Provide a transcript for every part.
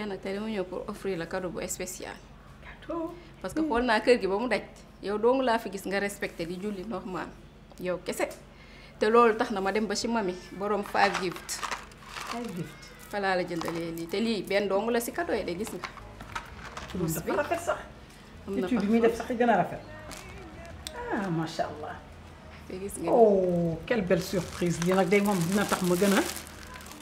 yaa nag tey dama ñëw pour offrir la cadeau bu spécial. cadeau parce que xool naa kër gi ba mu daj yow dong laa fi gis nga respecté di julli normal yow kese te loolu tax na ma dem ba ci mami borom five gift. five gift falaa la jëndalee lii te lii benn dong la si cadeau yi de gis nga. tuus rafet sax. am na bi muy def sax gën a rafet. ah macha allah. te gis nga oh quelle belle surprise lii nag day moom dina tax ma gën a.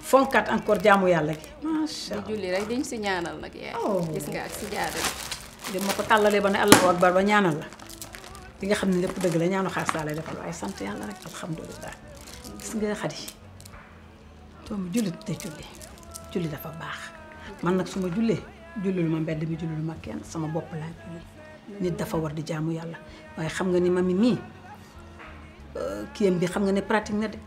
fonkat encore jaamu yàlla gi. macha allah julli rek dañ si ñaanal nag. yaay oh. gis nga ak si jaarale. dem ma ko tàllalee ba ne allahu akbar ba ñaanal la li nga xam ne lépp dëgg la ñaanu xaar saa lay defal waaye sant yàlla rek alhamdulilah gis nga xadi mu jullit te julli julli dafa baax man nag su ma jullee jullul ma mbedd mi jullul ma kenn sama bopp laa julli nit dafa war di jaamu yàlla waaye xam nga ni mami mii euh, kiyam bi xam nga ne pratique na de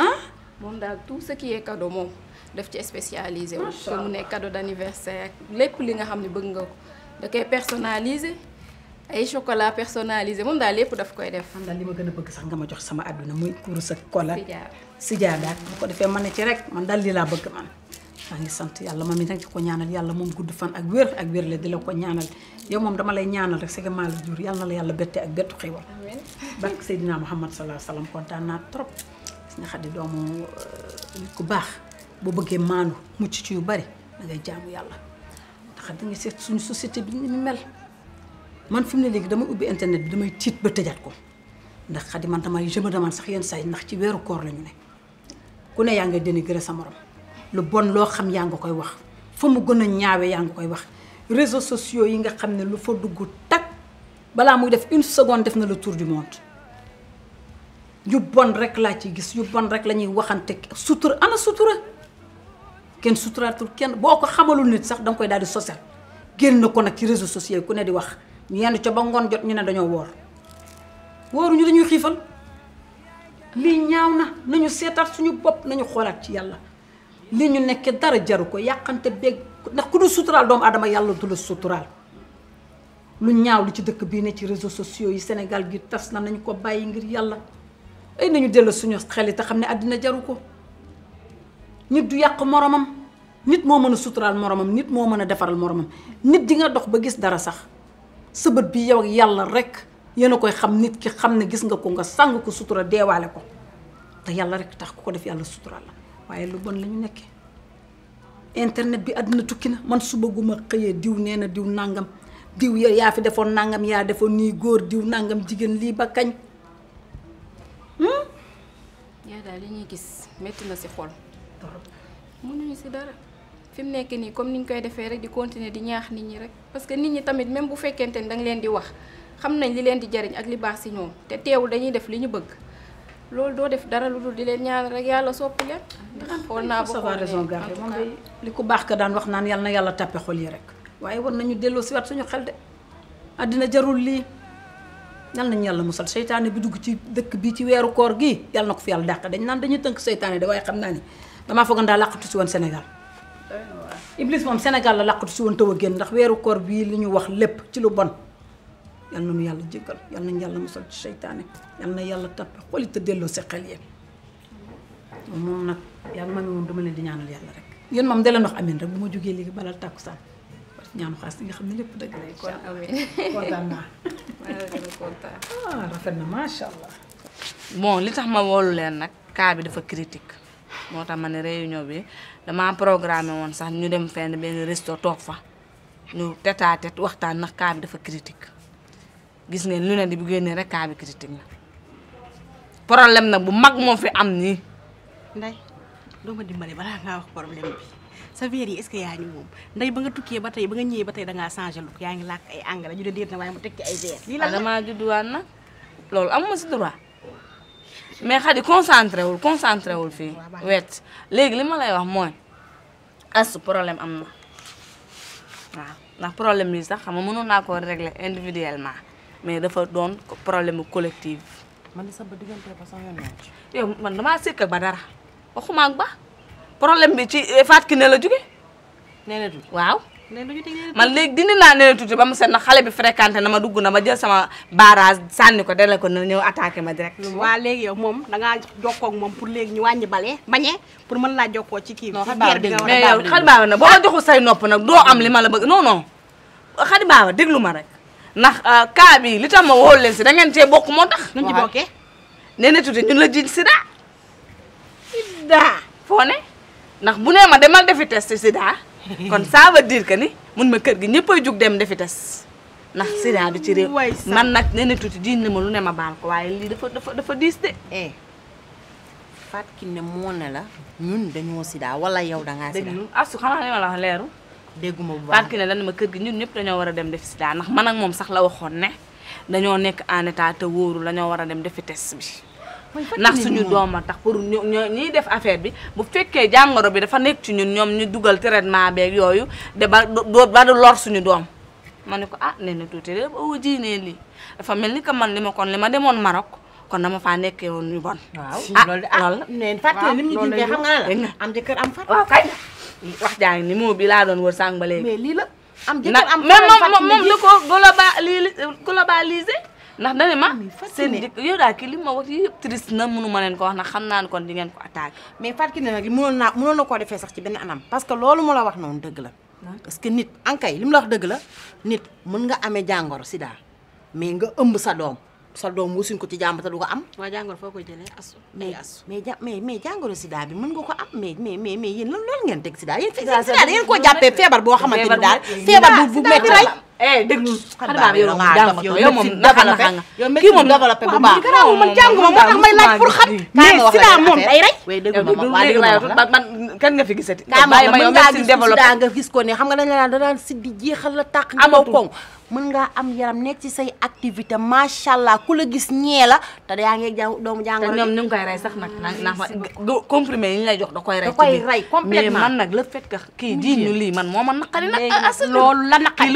ah? moom daal tout ce qui est moom def ci spécialisé wu ne mu nekk cadeau d' anniversaire lépp li nga xam ne bëgg nga ko da koy personnalisé ay chocolat personnalisé moom daal lépp daf koy def. man li ma gën a bëgg sax nga ma jox sama àdduna muy kurus ak kola. sijaar daal bu ko defee man ne ci rek man daal li laa bëgg man. maa ngi sant yàlla man it nag di ko ñaanal yàlla moom gudd fan ak wér ak wér la di la ko ñaanal yow moom dama lay ñaanal rek sëñ Maal jur yàlla na la yàlla bette ak bettu xéwal. amiin barke Seydina Muhammad sallallahu alayhi wa sallam kontaan naa trop. nga xam ne doomu euh, ku baax boo bëggee maandu mucc ci yu bari da ngay jaamu yàlla ndax da nga seet suñu société bi ni mu mel man fi mu ne léegi damay ubbi internet bi damay tiit ba tëjaat ko ndax xadi man damay je me demande sax yenn saa ndax ci weeru koor lañu ñu ne ku ne yaa nga dénigrer sa morom lu bon loo xam yaa nga koy wax fa mu gën a ñaawe yaa nga koy wax réseaux sociaux yi nga xam ne lu fa dugg tag balaa muy def une seconde def na le tour du monde yu bon rek laa ci gis yu bon rek la ñuy waxante sutura ana sutura kenn suturaatul kenn boo ko xamalul nit sax danga koy daal di social génn na ko nag ci réseau sociaux ku ne di wax ñu ca ba ngoon jot ñu ne dañoo woor wooruñu dañuy xiifal lii ñaaw na nañu seetaat suñu bopp nañu xoolaat ci yàlla li ñu nekkee dara jaru ko yàqante beeg ndax ku du suturaal doomu yàlla du la lu ñaaw li ci dëkk bii ne ci réseaux sociaux yi Sénégal gi tas na nañu ko bàyyi ngir yàlla ay nañu dellu suñu xel yi te xam ne àddina jaru ko nit du yàq moromam nit moo mën a suturaal moromam nit moo mën a defaral moromam nit di nga dox ba gis dara sax sa bi yow ak yàlla rek yéen a koy xam nit ki xam ne gis nga ko nga sàng ko sutura deewaale ko te yàlla rek tax ku ko def yàlla suturaal la waaye lu bon la ñu nekkee internet bi àddina tukki na man suba gu ma xëyee diw nee na diw nangam diw yaa fi defoon nangam yaa defoon nii góor diw nangam jigéen lii ba kañ. yaa daal li ñuy gis métti na si xol. mënuñu si dara fi mu nekk nii comme ni ñu koy defee rek di continuer di ñaax nit ñi rek parce que nit ñi tamit même bu fekkente ni danga leen di wax xam nañ li leen di jariñ ak li baax si ñoom te teewul dañuy def li ñu bëgg loolu doo def dara lu dul di leen ñaar rek yàlla soppi leen. xool naa ba xool raison garde li ku baax ka daan wax naan yàlla na yàlla tàppe xol yi rek waaye war nañu delloo si waat suñu xel de àddina jarul lii. yal nañu yàlla musal seytaane bi dugg ci dëkk bi ci weeru koor gi yal na ko fi yàlla dàq dañ naan dañu tënk seytaane da waaye xam naa ni dama foogoon daal làqatu si woon Sénégal Iblis moom Sénégal la làqatu si woon taw a génn ndax weeru koor bii li ñu wax lépp ci lu bon yal nañu yàlla jëkkal yal nañu yàlla musal ci seytaane yal na yàlla tappe xoli te delloo si xel yéen moom nag yàlla ma ne woon duma leen di ñaanal yàlla rek yéen moom dala ndox amin rek bu ma jógee léegi balal tàkkusaan ñaanu xaas di nga xam ne lépp dëgg la kon amee ah, na macha allah. bon li tax ma woolu leen nag kaabi dafa critique moo tax ma ne réunion bi damaa programmé woon sax ñu dem fenn benn resto toog fa ñu tête à waxtaan ndax kaabi dafa critique gis ngeen lu ne di bu génnee rek cas bi critique na problème nag bu mag moo fi am nii. nday doo ma balaa ngaa wax problème bi. sa verre yi est-ce que yaa ñu moom ndey ba nga tukkee ba tey ba nga ñëwee ba tey da ngaa changé look yaa ngi làkk ay anglais ñu ne déet na waaye mu tekki ay verre. lii la damaa judduwaat na loolu amuma si droit mais xadi concentré wul concentré wul fii wet léegi li ma lay wax mooy as problème am na waaw ndax problème yi sax xam nga mënoon naa koo régler individuellement mais dafa doon problème collectif. man de sax ba diggante ba sax yoon yow man damaa sirk ak ba dara waxuma ak ba. problème bi ci eh, Fatou Kiné la jóge Néné Touré waaw man léegi dindi naa Néné Touré ba mu set na xale bi fréquenté na ma dugg na ma jël sama barrage sànni ko dale ko na ñëw attaqué ma direct waaw léegi yow moom dangaa jokkoo ak moom pour léegi ñu wàññi bale bañee pour mën laa jokkoo ci kii mais yow xadi baaba nag boo ma joxul say nopp nag doo am li la bëgg non non xadi baaba déglu ma rek ndax euh, cas bi li tax ma wóolu leen da ngeen cee bokk moo tax nuñ ci bokkee Néné Touré ñun la jiñ si daa foo ne ndax bu nee ma demal defi test sida kon saaba diir dire que ni mun ma kër gi ñëppay jug dem defi tes ndax sida du ci réew man nag nee na tuuti diin na ma lu ne ma baal ko waaye lii dafa dafa dafa diis de eh, ki ne moo ne la ñun dañoo sida wala yow dangaa sida déglu asu xanaa li ma la wax bu baax Fatou Kiné ma kër gi ñun ñëpp dañoo war a dem defi sida ndax man nag moom sax la waxoon ne dañoo nekk en état te wóoru la ñoo war a dem defi test bi ndax suñu dooma tax pour ñu ñuy def affaire bi bu fekkee jàngoro bi dafa nekk ci ñun ñoom ñu dugal traitement beeg yooyu de ba doo ba du lor suñu doom ma ne ko ah nee na tuuti oh, de ba jiinee lii dafa mel ni que man li ma kon li ma demoon Maroc kon na dama faa nekkee woon ñu bon. waaw ah, loolu de ah loolu la lim ñu jundee xam nga la am jëkkër am fat waaw kay ni moo bi lii la am jëkkër am fat mais moom moom moom ndax dane ma ah, seen jëkk yow daal kii na mënu ma leen ko wax na xam naa ne kon di ngeen ko attaqué mais Fatou Kiné nag mënoon naa mënoon na anam parce que loolu mu la wax noonu dëgg la parce que nit ankay li mu la wax nit mën nga ame amee si daa mais nga ëmb sa doom sa doom wusuñ ko ci jàmb te du ko am waaw jàngoro foo koy jëlee asu mais asu mais mais jàngoro bi mën nga ko am mais mais mais mais yéen lan ngeen teg sida yéen sida da ngeen feebar boo xamante ni daal feebar bu bu métti eh déglu xanaa baam yow jànguma ko yow moom naxa naxa nga kii moom développé bu baax waaw man jànguma moo tax may laaj pour xam mais sida moom day rey man kan nga fi gisati bàyyi ma yow médecine développé daa nga gis ko ne xam nga dañ la naan da daan siddi jeexal la tàq amaw koŋ mën ngaa am yaram nekk ci say activité macha allah ku la gis ñee la te yaa ngi jàng doomu jàngoro ñoom ñu ngi koy rey sax nag nag comprimé yi ñu lay jox da koy rey da koy rey complètement mais man nag le fait que kii di ñu lii man moo ma naqari nag ah, ah, loolu la naqari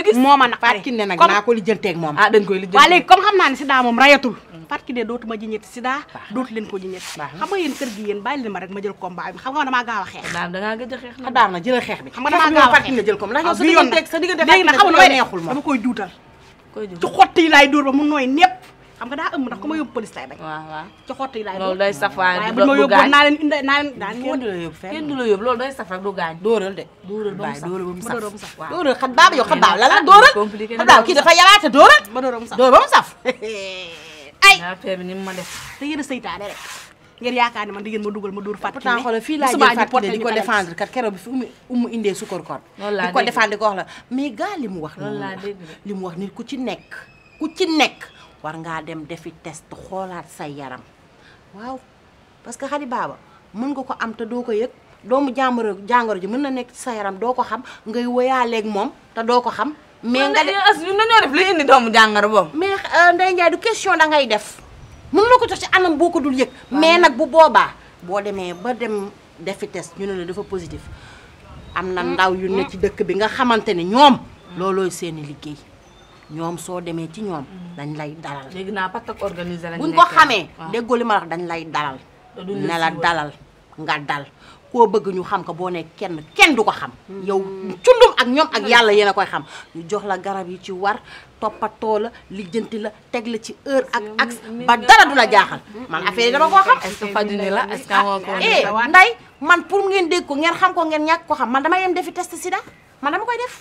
ñu gis moo ma naqari Fatkine nag naa ko lijjantee ak moom ah dañ koy lijjantee waa léegi comme xam naa ne sida moom rayatul mm. Fatkine dootuma ji ñetti sida dootu leen ko ji ñetti xam nga yéen kër gi yéen bàyyi leen ma rek ma jël combat bi xam nga damaa gaaw a xeex daan dangaa gëj a xeex na daan na jëlal xeex bi xam nga damaa gaaw a xeex Fatkine jël ko ndax yow ah, sa diggante sa diggante léegi nag xam nga nooy neexul moom dama koy juutal ci xotti yi laay dóor ba mu nooy nepp xam nga daa ëmb ndax ku ma yóbbu police lay bañ. waaw waaw ci yi laay doon ma yóbbu naa leen indi naa leen. daan kenn du la yóbbu fenn kenn ba mu saf dóoral ba baaba yow xat baaba lan la dóoral xat kii dafa yalaate dóoral ba dóoral ba mu saf dóoral ba mu saf ay affaire bi ni ma def te yéen a seytaane rek ngeen man di ngeen ma dugal ma dóor fàttali pourtant xoolal fii laa jël fàttali di ko défendre kat keroog bi fi umu umu indee sukkur koor di ko défendre di la mais gaa li nit ku ci nekk ku ci nekk war ngaa dem defi test xoolaat say yaram waaw parce que xadi baaba mën nga ko am te doo ko yëg doomu jàngoro jàngoro ji mën na nekk sa yaram doo ko xam ngay wëyaaleeg moom te doo ko xam. mais nga de as ñun dañoo def li indi euh, question da ngay def mën na ko jox ci anam boo ko dul yëg. mais nag bu boobaa boo demee ba dem defi test ñu ne la dafa positif. am na mm, ndaw yu ne mm. ci dëkk bi nga xamante ne ñoom. Mm. loolooy seeni liggéey. ñoom soo demee ci ñoom mm. dañ lay dalal léegi naa pat ak organisé lañ buñ ko xamee ah. déggoo li ma wax dañ lay dalal ne la dalal nga dal koo bëgg ñu xam ko boo ne kenn kenn du ko xam mm. yow cundum ak ñoom ak mm. yàlla yéen a koy xam ñu jox la garab yi ci war toppatoo la lijjanti la teg la ci heure ak ak ba dara du la jaaxal man affaire dama koo xam est-ce la est-ce que eh, nday man pour ngeen dégg ko ngeen xam ko ngeen ñàkk ko xam man dama yem defi test sida man dama koy def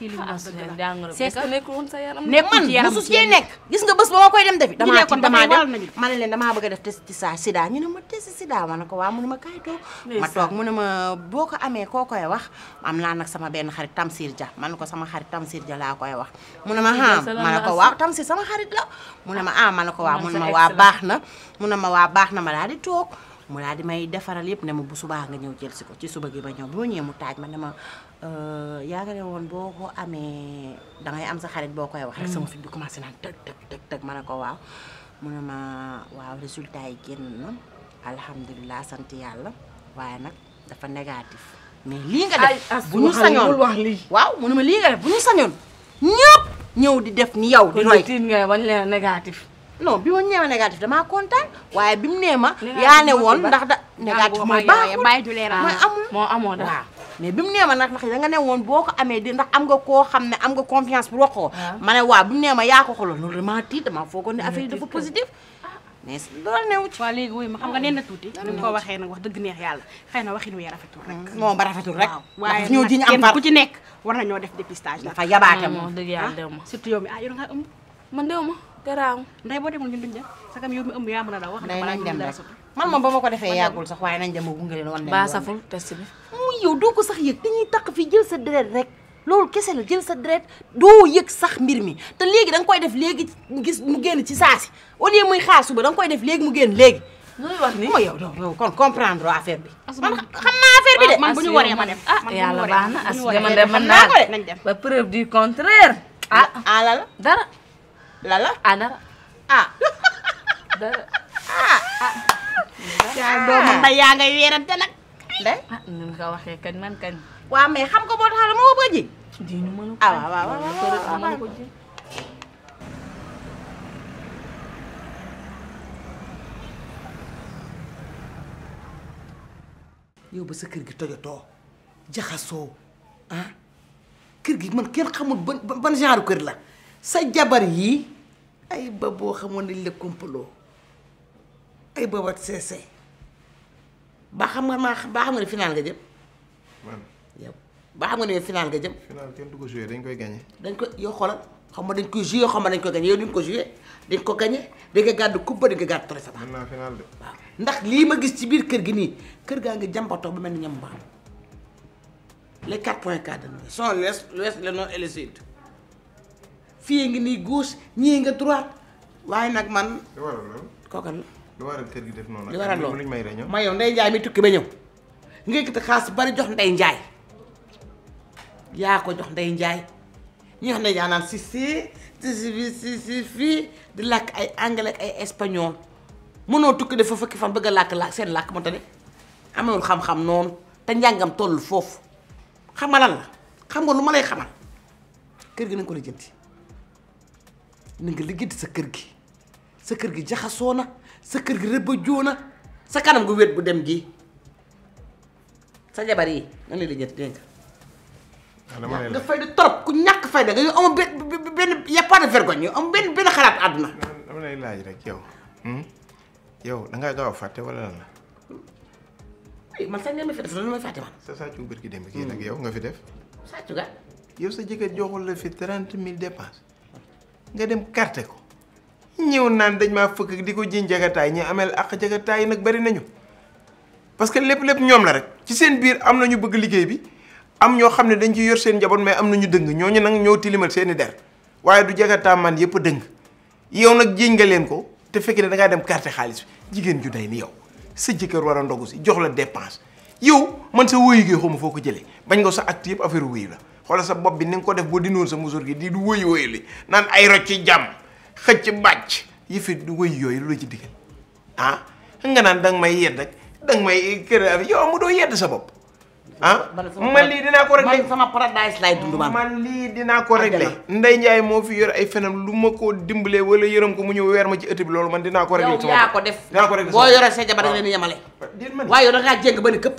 kii li mu su nekkul sa nekk gis nga bés ba ma koy dem defi damaa def ma ne leen damaa bëgg a def test ci saa sida ñu ne ma test sida ma ne ko waaw mu ne ma kaay toog ma toog mu ne ma ko sama benn xarit Tamsir Dia ma ko sama xarit mu ma ah ma ne ko waaw Tamsir sama xarit la mu ne ma ah ma ne ko waaw mu ne ma waa baax na mu ne ma waa baax na ma daal di toog mu daal di may defaral yëpp ne ma bu subaa nga ñëw jël si ko ci suba gi ba ñëw bu ma ñëwee mu taaj ma ne ma euh, yaakaar woon boo ko amee da ngay am sa xarit boo koy wax rek mm. sama fi di commencé naan tëg tëg tëg tëg ma ne ko waaw mu ne ma waaw résultat yi génn na alhamdulilah sant yàlla waaye nag dafa négatif mais lii nga def bu ñu sañoon wax lii waaw ma lii bu ñu sañoon ñëpp ñëw di def ni yow di roy tin nga non bi ma ñëwee négatif damaa kontaan waaye bi mu nee ma. yaa ne woon ndax da ah, négatif moo baaxul bàyyi bi mu nee ma nag boo ko amee di ndax am nga koo xam ne am nga confiance bu wax ko. Ah. ma ne waaw bi mu nee ma yaa ko xooloon loolu damaa tiit damaa foogoon ne affaire yi dafa positif. mais loolu newu ci. waaw léegi wuy ma xam nga ah. nee na tuuti. ni mu wax dëgg neex yàlla xëy na waxin wi rafetul rek. moom ba rafetul rek. waaye nag kenn ku def dépistage. dafa yabaate moom dëgg yàlla garaaw nday boo demul ñun duñ dem sakam yow mi ëmb yaa mën a daw wax nañ dem rek man moom ba ma ko defee yàggul sax waaye nañ dem a gunge leen wan leen baa saful test bi muy yow doo ko sax yëg dañuy takk fii jël sa deret rek loolu kese la jël sa deret doo yëg sax mbir mi te léegi da nga koy def léegi gis mu génn ci saasi au lieu muy xaar suba da nga koy def léegi mu génn léegi looy wax ni ma yow yow kon comprendre affaire bi man xam naa affaire bi de ah, man bu ñu waree ma def ah yàlla baax na as man de mën naa ko de ba preuve du contraire ah alal dara lala anara ah dara ah yaa doomu nday yaa ngay weerante nag nday ah ni nga waxee kañ man kañ waaw mais xam ko boo taxal moo ko ji diñu mënu ko ah waaw waaw mënu ko ji yow ba sa kër gi tojotoo jaxasoo ah kër gi man kenn xamul ban ban genre kër la sa jabar yii ay ba boo xamoon nañ la complot ay ba wat seese ba xam nga maa ba xam nga ne final nga jëm. man yow ba xam nga ne final nga jëm. final kenn du ko joué dañ koy gagné. dañ ko yow xoolal xam nga dañ koy joué xam nga dañ koy gagné ko joué dañ ko gagné dañ ko gàddu coupe ba dañ ko gàddu trophée ba. mën ndax lii ma gis ci biir kër gi nii kër gaa ngi jàmbatoo ba mel ni ñam mbaam les quatre points cadres sont l'ouest, l'ouest, le nord et le sud. fii ngi nii gauche ñii nga droite waaye nag man. li waral loolu. kooka la. li waral gi def noonu. li waral loolu may reñoo. ma yow Ndeye Ndiaye mi tukki ba ñëw. nga yëkkati xaalis bari jox Ndeye Ndiaye. yaa ko jox Ndeye Ndiaye. ñi wax ne si si si di làkk ay anglais ak ay espagnol. mënoo tukki dafa fukki fan bëgg a làkk làkk seen làkk moo tax ne amewul xam te njàngam toll foofu xam nga la xam nga lu ma lay xamal kër gi nañ ko lijjanti na nga liggéey sa kër gi sa kër gi jaxasoo na sa kër gi rëbbajoo na sa kanam gu wét bu dem gi sa jabar yi nan la lijjanti dégg nga. Ah, nga di trop ku ñàkk fay da nga yow amul benn benn y a pas de yow amul ah, laaj rek yow. Hmm? yow da ngaa gaaw a fàtte wala lan la. man sax ngeen ma fi def loolu ma fàtte man. sa sàccu bërki dem hmm. kii nag yow nga fi def. sàccu ga. yow sa jëkkër joxul la fi trente mille dépense. nga dem carte ko ñëw naan dañ maa fëkk di ko jiñ jagataay ñi amel ak jagataay nag bari nañu parce que lépp lépp ñoom la rek ci seen biir am na ñu bëgg liggéey bi am ñoo xam ne dañ ci yor seen njaboot mais am na ñu dëng ñooñu nag ñoo tilimal seeni der waaye du jagataa man a dëng yow nag jiñ nga leen ko te fekke ne da dem carte xaalis bi jigéen ju day ni yow sa jëkkër war a ndogu si jox la dépense yow man sa wóyu gi xaw foo ko jëlee bañ nga sa acte yëpp affaire la xoolal sa bopp bi ni nga ko def boo dinoon sa musóor gi di du wëy wëy li naan ay rocci jàmm xëcc bàcc yëfi du wëy yooyu lu la ci digal ah nga naan danga may yedd ak bopp ah man lii dinaa ko réglé man sama paradise laay moo fi yor ay lu ma ko dimbalee wala yërëm ko mu ñëw weer ma ci ëtt bi loolu man dinaa ko ko def dinaa ko réglé boo yoree sa jabar ah, ba ni këpp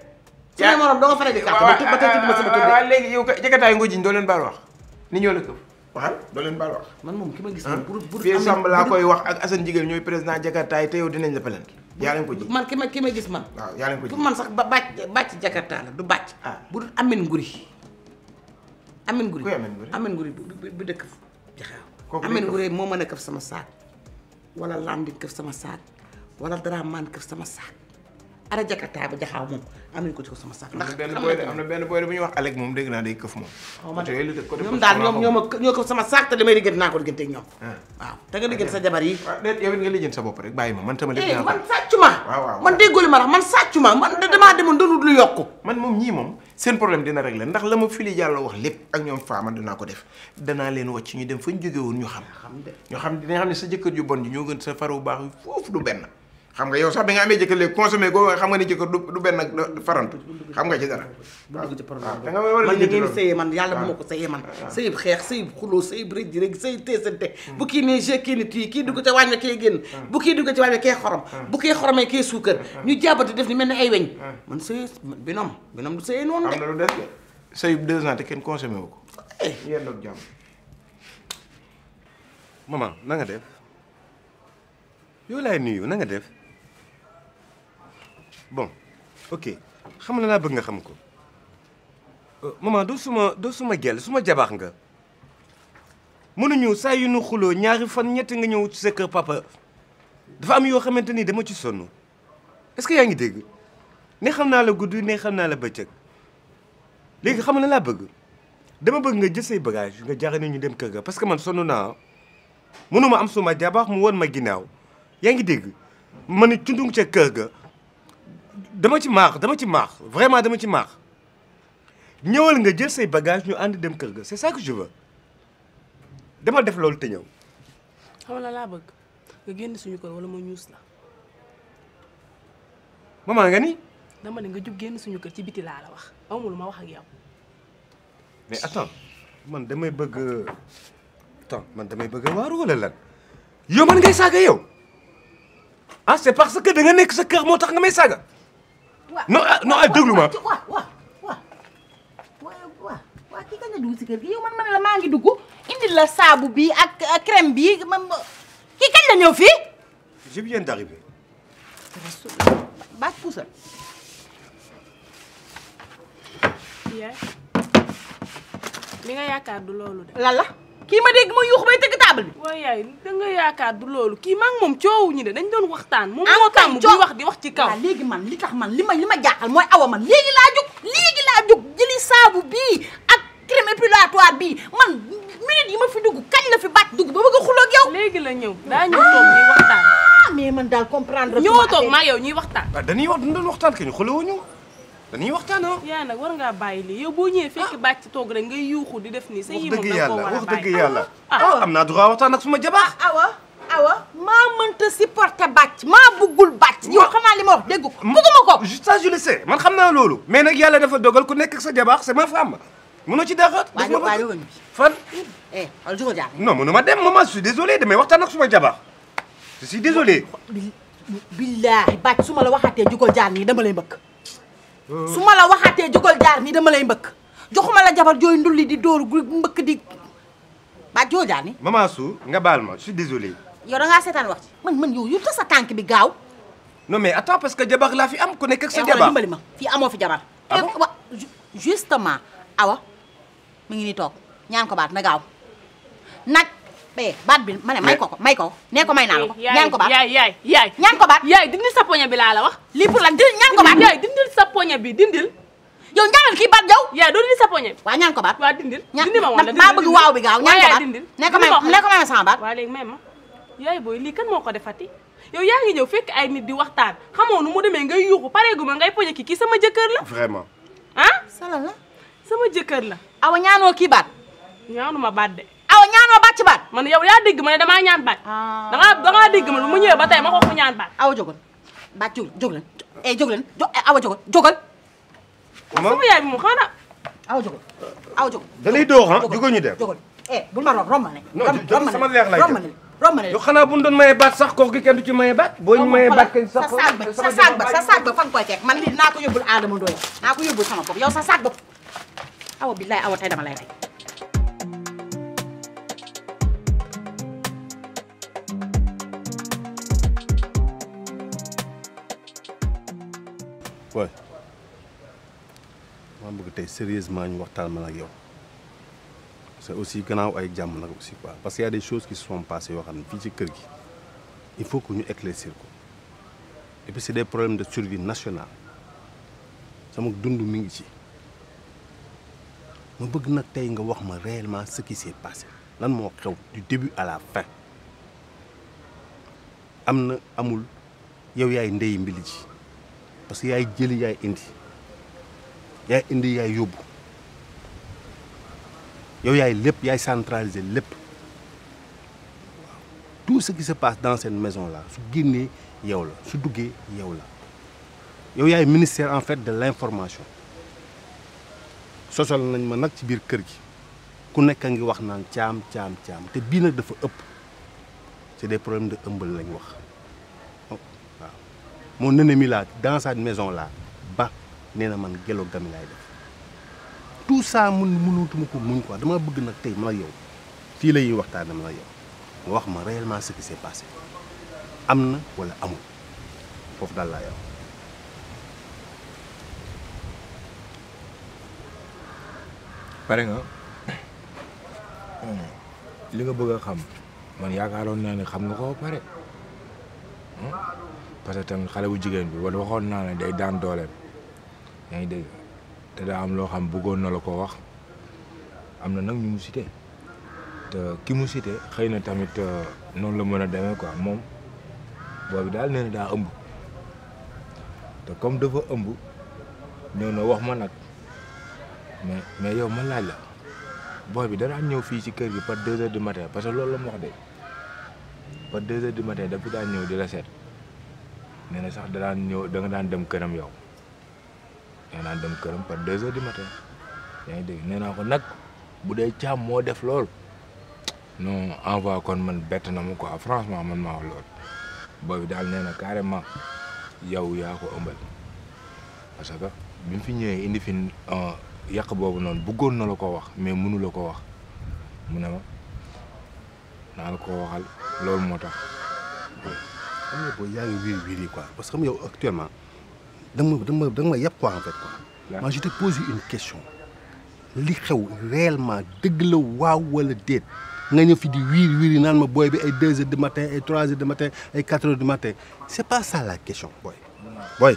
su ma morom doo fa ne di kàtt ba ba tey tudduma sama tur leen baal man moom ki ma gis moom pour pour fii samb laa koy wax ak ñooy président jakartaay te yow dinañ la pelant yaa leen ko ji man ki ma ki ma gis man waaw yaa leen ko ji pour man sax ba bàcc bàcc jakartaa la du bàcc ah. bu dul amen nguri amen nguri amen nguri bu dëkk jaxaaw amen nguri moo mën a këf sama saak wala lamdin këf sama saak wala draman këf sama saak ara jakarta ba moom am nañu ko ci ko sama sax. ndax am na benn booy bu ñuy wax Alec moom dégg naa day moom. xaw oh, ma ñoom daal ñoom ñoo man tamit. liggéey naa ma. waaw man déggoo la man sàccu ma man damaa demoon doonul lu yokku. man moom ñii moom seen problème dina régler ndax la ma fili Diallo wax lépp ak ñoom Fama dinaa ko def danaa leen wàcc ñu dem fa ñu jóge ñu xam. ñu xam dina xam ne sa jëkkër ju bon ji ñoo gën sa faru baax foofu du benn xam nga yow sax bi nga amee jëkkër léegi consommé ko xam nga ni jëkkër du xam nga ci dara ah, man ni ngeen sëyee man yàlla bu ah. ma ko sëyee man ah. sëyib xeex sëyib xuloo sëyib rëj rek sëyib teesante hmm. bu kii ne je kii ni tii kii dugg ca wàññi kee génn hmm. bu kii dugg ca wàññi kee xorom hmm. bu kii xoromee kee suukar ñu def ni mel ni ay weñ man sëyee binom binom du sëyee noonu de na lu des de sëyib deux ans kenn consommé wu ko eh. yéen doog jàmm na nga def yow laay nuyu na nga def bon ok xam na laa bëgg nga xam ko euh, maman doo suma doo suma gel suma jabax nga mënuñu saa yu nu xuloo ñaari fan ñetti nga ñëw ci sa kër papa dafa am yoo xamante ni dama ci sonn est-ce que yaa ngi dégg ne xam naa la guddi ne xam naa la bëccëg léegi xam na laa bëgg dama bëgg nga jël say bagage nga jaare ñu dem kër ga parce que man sonn naa mënuma am suma jabaax mu woon ma ginnaaw yaa ngi dégg ma ne cundung ca kër ga dama ci maax dama ci maax vraiment dama ci maax ñëwal nga jël say bagage ñu ànd dem kër ga si ça juba dama def loolu te ñëw. xam la laa bëgg nga génn suñu kër wala ma ñuus la. maman nga ni. dama ne nga jub génn suñu kër ci biti laa la wax amul ma wax ak yow. mais attends man damay bëgg attends man damay bëgg waaru la lan yow man ngay saaga yow ah c'est parce que da nga nekk sa kër moo tax nga may saaga. non ah, non ay ah, ma. waaw kii kañ la dugg si kër gi yow la maa ngi dugg indil la saabu bi ak euh, crème bi man kii kañ la ñëw fii. je viens d'arriver. baas puusal. yaay li nga yaakaar du loolu de. lan kii ma dégg ma yuux bay tëgg taabal bi. waaw yaay da nga yaakaar du loolu kii maa ngi moom coowuñu de dañ doon waxtaan. moom moo tàmm buy wax di wax ci kaw. waaw léegi man li tax man li ma li ma jaaxal mooy awa man léegi laa jóg léegi laa jóg jëli saabu bi ak a épilatoire bii man minute yi ma fi dugg kañ la fi bàcc dugg ba bëgg a xuloo ak yow. léegi la ñëw daa ñëw toog ñuy waxtaan. Ah, mais man daal wa ñoo maa yow ñuy waxtaan. waaw ah, dañuy wax dañu doon waxtaan kañ xuloo ñu dañuy waxtaan ah. yaa nag war ngaa bàyyi lii yow boo ñëwee fekk ah. bàcc toog rek ngay yuuxu di def nii. sa yii moom la ko war a bàyyi wax dëgg yàlla yàlla. Ah, ah, am naa droit waxtaan ak suma jabar. awa awa maa mënta supporter bàcc maa buggul bàcc. yow xanaa li ma wax dégg ko bugguma ko. ça je le sais man xam naa loolu. mais nag yàlla dafa dogal ku nekk ak sa jabar c'est ma femme. mënoo ci dara. waaw waaw waaw yow fan. eh wala du ko jaaxle. non mënuma dem maman je suis désolé damay waxtaan ak suma jabar je suis désolé. billaahi bàcc su ma la waxatee ju ko jaar nii dama lay mbëkk su ma la waxaatee jógal jaar nii dama lay mbëkk joxuma la jabar jooy ndulli di dóor gu mbëkk di ba joo jaar ni maman Sou nga baal ma su suis désolé. yow da ngaa seetaan wax ci man man yu ta sa tànk bi gaaw. non mais ta parce que jabar laa fi am ku nekk ak sa eh, jabar ma fii amoo fi jabar. ah eh, bon justement awa mu ngi nii toog ñaan ko baat na gaaw nag eh, baat bi ma ne may ko ko may ko nee ko may naa la ko. ñaan ko baat yaay yaay sa poñe bi laa la wax. lii pour la dindil ñaan ko baat yaay dindil sa poñe bi dindil yow ñaanal ki baat yow yaa doo sa poñe bi waaw ñaan ko baat waaw dindil dindi ma wala waaw bi gaaw ñaan ko baat dindil ne ko may ne ko may sama baat waaw léegi may kan moo ko defati yow yaa ngi ñëw fekk ay nit di waxtaan xamoo nu mu demee ngay yuuxu pareegu ma ngay poñe ki kii sama jëkkër la vraiment ah sala la sama jëkkër la awa ñaanoo kii baat ma baat de aw ñaanoo bàcc baat man yow yaa dégg ma ne damaa ñaan baat ah. dangaa dangaa dégg ma ne mu ñëwee ba tey ma ko ko ñaan baat awa jógal baat jóg jóg leen eh jóg leen jo eh, awa jógal jógal. ma sama yaay bi mu xanaa. awa jógal awa jógal. da lay doox ah jógal ñu dem jógal eh bul ma romb ma ne. non sama leex lay jël romb ne yo xanaa bu ñu doon maye baat sax kooku kenn du ci maye baat. boo ñu maye baat kay sax sa saag ba sa saag ba fa nga koy teg man lii naa ko yóbbul Adama Ndoye naa ko yóbbul sama bopp yow sa saag bopp awa billaay awa tey dama lay rey. fooy maa bëgg tey sérieusement ñu waxtaan man ak yow c'est aussi gannaaw ay jàmm nag aussi quoi parce que y a des choses qui se sont passées yoo xam ne fii ci kër gi il faut que ñu éclaircir ko et puis c'est des problème de survie nationale sama dund mi ngi ci ma bëgg na tey nga wax ma réellement ce qui s'est lan moo xew du début à la fin am na amul yow yaay ndey mbili ji parce que yaay jëli yaay indi yaay indi yaay yóbbu yow yaay lépp yaay centraliser lépp tout ce qui se passe dans cette maison là su génnee yow la su duggee yow la yow yaay ministère en fait de l'information sosol nañ ma nag ci biir kër gi ku nekk a ngi wax naan caam caam caam te bii nag dafa ëpp c'est des problème de ëmbal lañ wax mon ennemi là dans dansa maison là ba nee na man gelo gami laay def tout ça mun mënutuma ko muñ quoi dama bëgg nag tey ma la yow fii lay waxtaan waxtaanee ma la yow nga wax ma réellement ce qui s'est passé am na wala amul foofu daal laa yow. pare nga li nga bëgg a xam man yaakaaroon naa ne xam nga ko pare. Hmm? parce que tamit xale bu jigéen bi wala waxoon naa ne day daan dooleem yaa ngi dégg te daa am loo xam bëggoon na la ko wax am na nag ñu mu cité te ki mu cité xëy na tamit euh, noonu la mën a demee quoi moom boobu daal nee na daa ëmb te comme dafa ëmb ñëw na wax ma nag mais mais yow ma laaj la booy bi danaa ñëw fii ci kër gi par deux heures du matin parce que loolu la mu wax de par deux heures du matin dafa daan ñëw di la seet. nee na sax da daan ñëw da daan dem këram yow da nga dem këram par deux heures di matin yaa ngi dégg nee naa ko nag bu dee caam moo def lool non envoie kon man bett na mu quoi franchement man maa wax lool boobu daal nee na carrément yow yaa ko ëmbal parce que bi fi ñëwee indi fi euh, yàq boobu noonu bëggoon na la ko wax mais mënu la ko wax mu ne ma naa la ko waxal loolu moo tax. xam nga booy yaa ngi wiiri wiiri quoi parce que xam yow actuellement danga ma danga ma danga ma yàpp quoi en fait quoi. moi je te pose une question li xew réellement dëgg waaw wala déet nga ñëw fi wiiri wiiri naan ma booy bi ay deux heures du matin ay trois heures du matin ay quatre heures du matin c'est pas ça la question booy. booy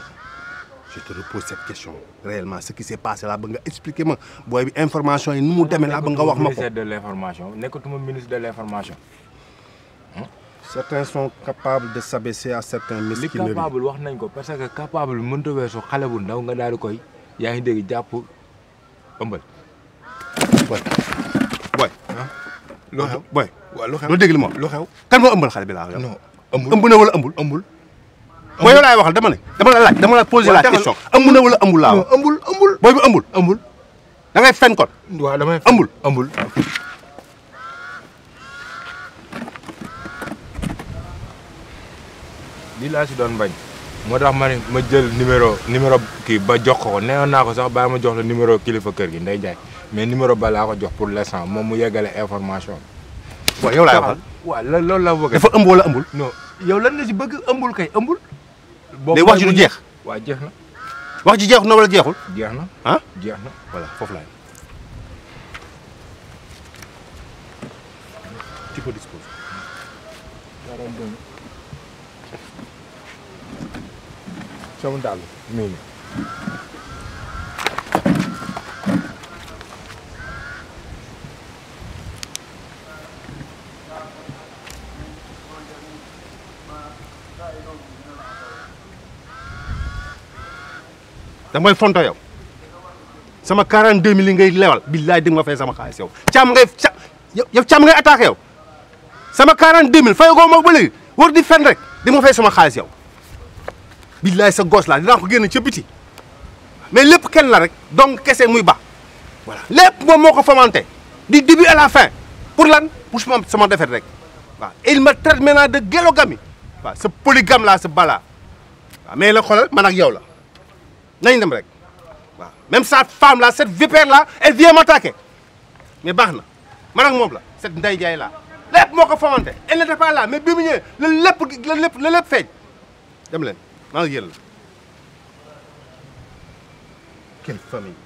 je te repose cette question réellement ce qui s'est passé là ba nga expliquer booy bi information yi nu mu demee wax ma ko. de l'information nekkatuma certains sont capables de s'abaisser à certains mesquineries li capable wax nañ ko parce que capable mënut a weesu xale bu ndaw nga daal koy yaa ngi dégg jàpp ëmbal. boy boy. loo xew boy loo dégg li ma loo xew kan moo ëmbal xale bi laa wax. non ëmbul ëmb na wala ëmbul ëmbul. booy yow laay waxal dama ne dama la laaj dama la posé la question ëmb na wala ëmbul wax. ëmbul ëmbul booy bu ëmbul. ëmbul da ngay fen kon. waaw damay lii laa si doon bañ moo tax ma ne ma jël numéro numéro kii ba jox ko neewoon naa ko sax baa ma jox la numéro kilifa kër gi nday jaay mais numéro ba laa ko jox pour l'instant moom mu yeggale information bi. waaw yow laa waxal waaw loolu laa bëgg. dafa ëmb wala ëmbul. non yow lan nga si bëgg ëmbul kay ëmbul. boo wax ji du jeex. waaw jeex na. wax ji jeexul na wala jeexul. jeex na ah jeex na voilà foofu laay. ചുവണ്ടാൾ മീൻ damay fonto yow sama 42 mille ngay lewal billaay di nga fay sama xaalis yow càmm ngay ca yow càmm ngay attaqué yow sama 42 mille fay ko ma ba léegi war di fen rek di nga fay sama xaalis yow. billaay sa gos laa dinaa ko génn ca biti mais lépp kenn la rek donc kese muy ba voilà lépp moom moo ko fomenté di début à la fin pour lan pour sama sama defet rek waaw il me traite maintenant de gélogami waaw sa polygame laa sa balaa waaw mais la xoolal man yow la nañ dem rek waaw même sa femme la cette vipère là elle vient m'attaquer baax na man ak moom la set nday jaay là lépp moo ko fomante elle n'était pas la lépp la lépp la lépp feeñ maa ngi yéen la quelle famille